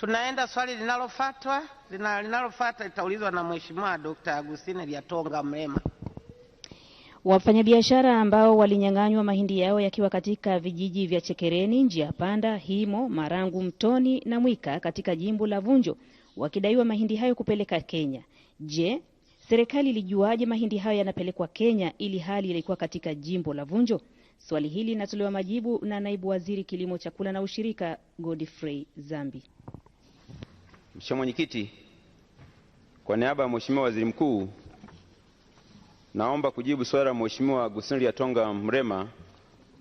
Tunaenda swali linalofuatwa linalofuata litaulizwa na Mheshimiwa Dkt. Agustine Lyatonga Mrema. Wafanyabiashara ambao walinyang'anywa mahindi yao yakiwa katika vijiji vya Chekereni, Njia Panda, Himo, Marangu, Mtoni na Mwika katika jimbo la Vunjo wakidaiwa mahindi hayo kupeleka Kenya. Je, serikali ilijuaje mahindi hayo yanapelekwa Kenya ili hali ilikuwa katika jimbo la Vunjo? Swali hili linatolewa majibu na naibu waziri kilimo, chakula na ushirika Godfrey Zambi. Mheshimiwa Mwenyekiti, kwa niaba ya Mheshimiwa Waziri Mkuu naomba kujibu swali la Mheshimiwa Agustino atonga Mrema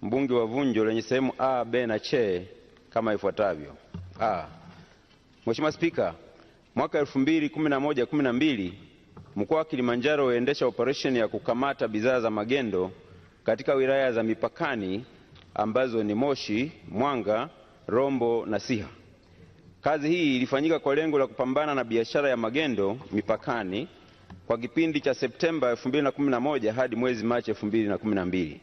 mbunge wa Vunjo lenye sehemu A, B na C kama ifuatavyo. A. Mheshimiwa Spika, mwaka 2011 12 mkoa wa Kilimanjaro uendesha operesheni ya kukamata bidhaa za magendo katika wilaya za mipakani ambazo ni Moshi, Mwanga, Rombo na Siha. Kazi hii ilifanyika kwa lengo la kupambana na biashara ya magendo mipakani kwa kipindi cha Septemba 2011 hadi mwezi Machi 2012.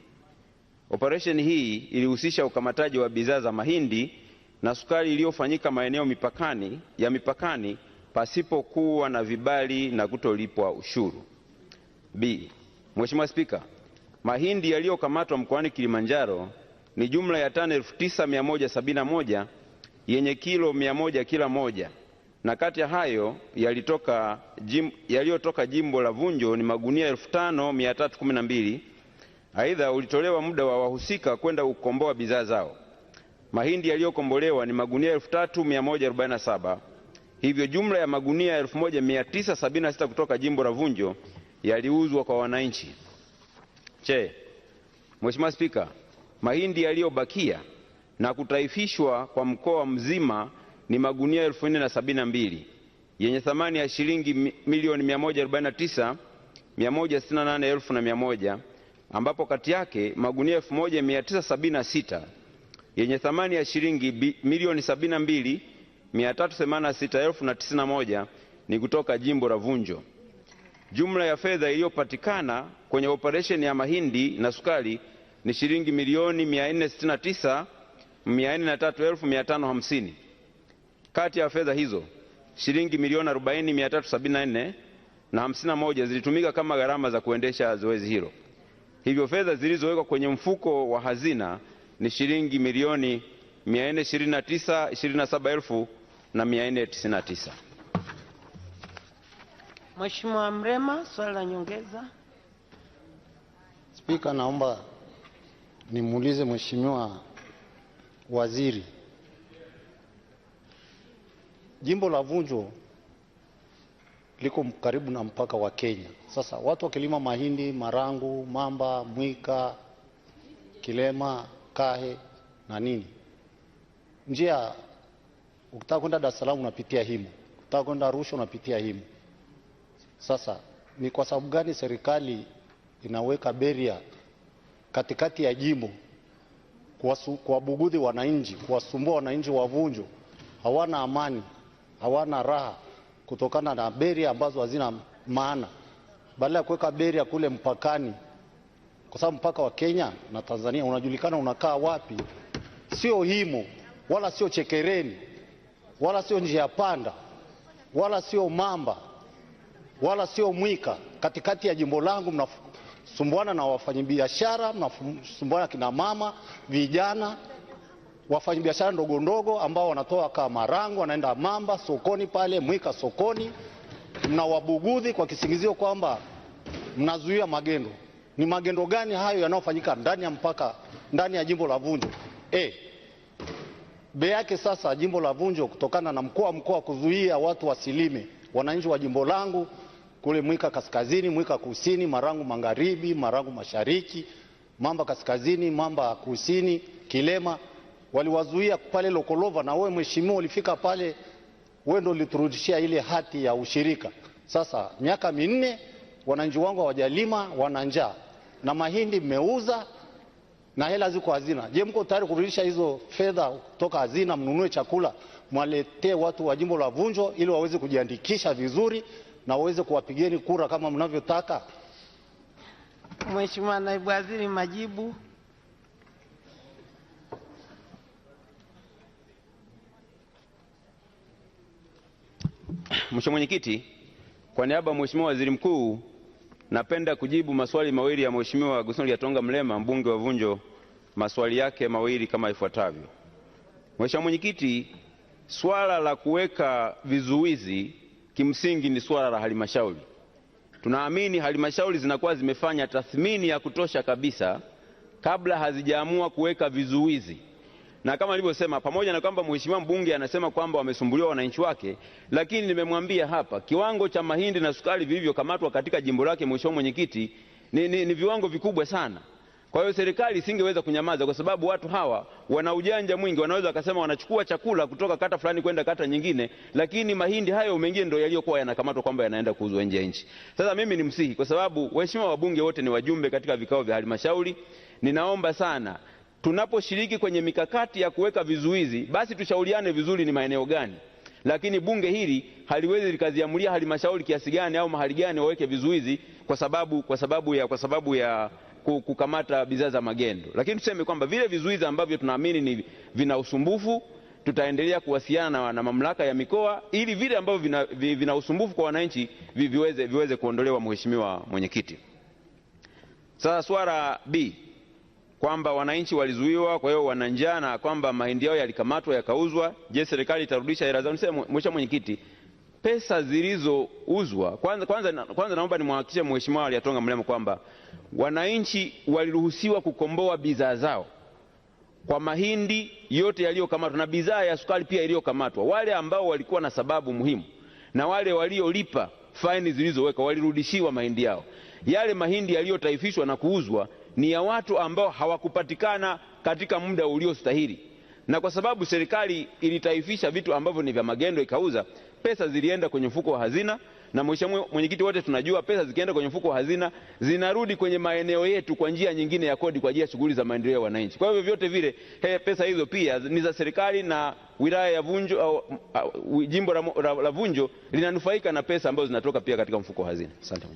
Operesheni hii ilihusisha ukamataji wa bidhaa za mahindi na sukari iliyofanyika maeneo mipakani ya mipakani pasipokuwa na vibali na kutolipwa ushuru. B. Mheshimiwa Spika, mahindi yaliyokamatwa mkoani Kilimanjaro ni jumla ya tani 9171 yenye kilo mia moja kila moja, na kati ya hayo yaliyotoka jim, yaliyotoka jimbo la Vunjo ni magunia elfu tano mia tatu kumi na mbili. Aidha, ulitolewa muda wa wahusika kwenda kukomboa bidhaa zao. Mahindi yaliyokombolewa ni magunia elfu tatu mia moja arobaini na saba. Hivyo jumla ya magunia 1976 kutoka jimbo la Vunjo yaliuzwa kwa wananchi. Che, Mheshimiwa Spika, mahindi yaliyobakia na kutaifishwa kwa mkoa mzima ni magunia elfu nne na sabini na mbili yenye thamani ya shilingi milioni 149,168,100 ambapo kati yake magunia 1976 yenye thamani ya shilingi milioni 72,386,091 ni kutoka jimbo la Vunjo. Jumla ya fedha iliyopatikana kwenye operesheni ya mahindi na sukari ni shilingi milioni 469 403,550. Kati ya fedha hizo shilingi milioni 40,374 na 51 zilitumika kama gharama za kuendesha zoezi hilo. Hivyo fedha zilizowekwa kwenye mfuko wa hazina ni shilingi milioni 429,27,499. Mheshimiwa Mrema, swali la nyongeza. Spika, naomba nimuulize Mheshimiwa Waziri, jimbo la Vunjo liko karibu na mpaka wa Kenya. Sasa watu wakilima mahindi, marangu, mamba, mwika, kilema, kahe na nini, njia ukitaka kwenda Dar es Salaam unapitia Himo, ukitaka kwenda Arusha unapitia Himo. Sasa ni kwa sababu gani serikali inaweka beria katikati ya jimbo kuwabugudhi wananchi, kuwasumbua wananchi wa vunjo hawana amani, hawana raha kutokana na beria ambazo hazina maana, badala ya kuweka beria kule mpakani, kwa sababu mpaka wa Kenya na Tanzania unajulikana unakaa wapi. Sio himo wala sio chekereni wala sio njia panda wala sio mamba wala sio mwika. Katikati ya jimbo langu mnafu sumbwana na wafanyabiashara, sumbwana kina mama, vijana, wafanyabiashara ndogo ndogo ambao wanatoa marango wanaenda Mamba sokoni pale Mwika sokoni, mnawabugudhi kwa kisingizio kwamba mnazuia magendo. Ni magendo gani hayo yanayofanyika ndani ya mpaka ndani ya jimbo la Vunjo e, bei yake sasa jimbo la Vunjo kutokana na mkuu wa mkoa kuzuia watu wasilime, wananchi wa jimbo langu kule Mwika kaskazini, Mwika kusini, Marangu magharibi, Marangu mashariki, Mamba kaskazini, Mamba kusini, Kilema waliwazuia pale Lokolova, na wewe mheshimiwa ulifika pale, wewe ndio uliturudishia ile hati ya ushirika. Sasa miaka minne wananchi wangu hawajalima, wana njaa na mahindi mmeuza na hela ziko hazina. Je, mko tayari kurudisha hizo fedha kutoka hazina, mnunue chakula mwaletee watu wa jimbo la Vunjo ili waweze kujiandikisha vizuri na waweze kuwapigeni kura kama mnavyotaka? Mheshimiwa Naibu Waziri, majibu. Mheshimiwa Mwenyekiti, kwa niaba ya Mheshimiwa Waziri Mkuu napenda kujibu maswali mawili ya Mheshimiwa Agustino Lyatonga Mrema mbunge wa Vunjo, maswali yake mawili kama ifuatavyo. Mheshimiwa Mwenyekiti, swala la kuweka vizuizi kimsingi ni suala la halmashauri. Tunaamini halmashauri zinakuwa zimefanya tathmini ya kutosha kabisa kabla hazijaamua kuweka vizuizi, na kama nilivyosema, pamoja na kwamba mheshimiwa mbunge anasema kwamba wamesumbuliwa wananchi wake, lakini nimemwambia hapa kiwango cha mahindi na sukari vilivyokamatwa katika jimbo lake, mheshimiwa mwenyekiti, ni, ni, ni viwango vikubwa sana. Kwa hiyo serikali isingeweza kunyamaza, kwa sababu watu hawa wana ujanja mwingi. Wanaweza wakasema wanachukua chakula kutoka kata fulani kwenda kata nyingine, lakini mahindi hayo mengine ndio yaliyokuwa yanakamatwa kwamba yanaenda kuuzwa nje ya nchi. Sasa mimi ni msihi, kwa sababu waheshimiwa wabunge wote ni wajumbe katika vikao vya halmashauri, ninaomba sana tunaposhiriki kwenye mikakati ya kuweka vizuizi, basi tushauriane vizuri ni maeneo gani lakini bunge hili haliwezi likaziamulia halmashauri kiasi gani au mahali gani waweke vizuizi kwa sababu, kwa sababu ya, kwa sababu ya kukamata bidhaa za magendo. Lakini tuseme kwamba vile vizuizi ambavyo tunaamini ni vina usumbufu tutaendelea kuwasiliana na mamlaka ya mikoa ili vile ambavyo vina, vina usumbufu kwa wananchi viweze, viweze kuondolewa. Mheshimiwa Mwenyekiti, sasa swala B kwamba wananchi walizuiwa, kwa hiyo wana njaa na kwamba mahindi yao yalikamatwa yakauzwa. Je, serikali itarudisha hela zao? Niseme Mheshimiwa Mwenyekiti, pesa zilizouzwa kwanza, kwanza, kwanza naomba nimhakikishie Mheshimiwa Lyatonga Mrema kwamba wananchi waliruhusiwa kukomboa bidhaa zao kwa mahindi yote yaliyokamatwa na bidhaa ya sukari pia iliyokamatwa. Wale ambao walikuwa na sababu muhimu na wale waliolipa faini zilizowekwa walirudishiwa mahindi yao. Yale mahindi yaliyotaifishwa na kuuzwa ni ya watu ambao hawakupatikana katika muda uliostahili, na kwa sababu serikali ilitaifisha vitu ambavyo ni vya magendo ikauza pesa zilienda kwenye mfuko wa hazina, na mheshimiwa mwenyekiti, wote tunajua pesa zikienda kwenye mfuko wa hazina zinarudi kwenye maeneo yetu kwa njia nyingine ya kodi kwa ajili ya shughuli za maendeleo ya wananchi. Kwa hivyo vyote vile he, pesa hizo pia ni za serikali na wilaya ya Vunjo au, au jimbo la, la, la Vunjo linanufaika na pesa ambazo zinatoka pia katika mfuko wa hazina. Asante.